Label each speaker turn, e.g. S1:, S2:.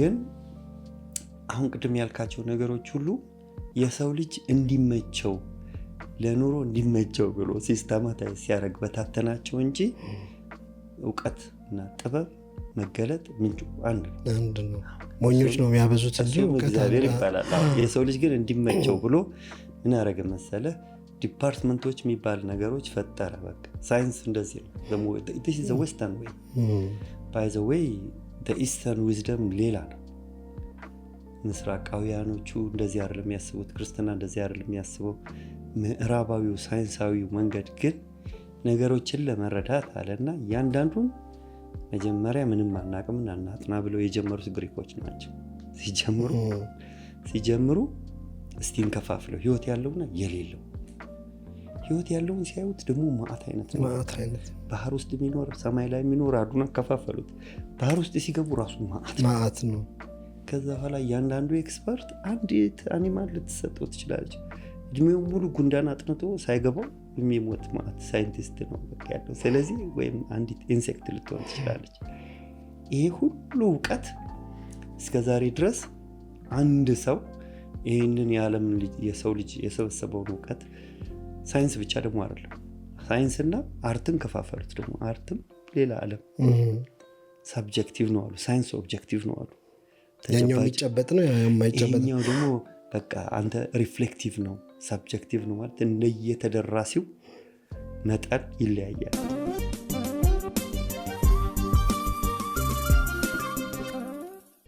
S1: ግን አሁን ቅድም ያልካቸው ነገሮች ሁሉ የሰው ልጅ እንዲመቸው ለኑሮ እንዲመቸው ብሎ ሲስተማታዊ ሲያደረግ በታተናቸው እንጂ እውቀት እና ጥበብ መገለጥ ምንጩ
S2: አንድ ነው። ሞኞች ነው የሚያበዙት
S1: እንጂ እግዚአብሔር ይባላል። የሰው ልጅ ግን እንዲመቸው ብሎ ምን ያደረገ መሰለ? ዲፓርትመንቶች የሚባል ነገሮች ፈጠረ። በቃ ሳይንስ እንደዚህ ነው። ዌስተርን ወይ ባይ ዘ ዌይ በኢስተርን ዊዝደም ሌላ ነው። ምስራቃውያኖቹ እንደዚህ አይደለም የሚያስቡት፣ ክርስትና እንደዚህ አይደለም የሚያስበው። ምዕራባዊው ሳይንሳዊ መንገድ ግን ነገሮችን ለመረዳት አለና እያንዳንዱን መጀመሪያ ምንም አናቅም እናጥና ብለው የጀመሩት ግሪኮች ናቸው። ሲጀምሩ ሲጀምሩ እስቲ እንከፋፍለው ህይወት ያለውና የሌለው ህይወት ያለውን ሲያዩት ደግሞ ማአት አይነት ባህር ውስጥ የሚኖር ሰማይ ላይ የሚኖር አዱን አከፋፈሉት። ባህር ውስጥ ሲገቡ ራሱ ማዕት ነው። ከዛ በኋላ እያንዳንዱ ኤክስፐርት አንዲት አኒማል ልትሰጠው ትችላለች። እድሜውን ሙሉ ጉንዳን አጥንቶ ሳይገባው የሚሞት ማዕት ሳይንቲስት ነው ያለው። ስለዚህ ወይም አንዲት ኢንሴክት ልትሆን ትችላለች። ይሄ ሁሉ እውቀት እስከዛሬ ድረስ አንድ ሰው ይህንን የዓለም የሰው ልጅ የሰበሰበውን እውቀት ሳይንስ ብቻ ደግሞ አይደለም። ሳይንስና አርትን ከፋፈሉት ደግሞ አርትም ሌላ አለም ሳብጀክቲቭ ነው አሉ። ሳይንስ ኦብጀክቲቭ ነው አሉ።
S2: ያኛው የሚጨበጥ ነው፣ የማይጨበጥኛው
S1: ደግሞ በቃ አንተ ሪፍሌክቲቭ ነው፣ ሳብጀክቲቭ ነው ማለት እንደየተደራሲው መጠን ይለያያል።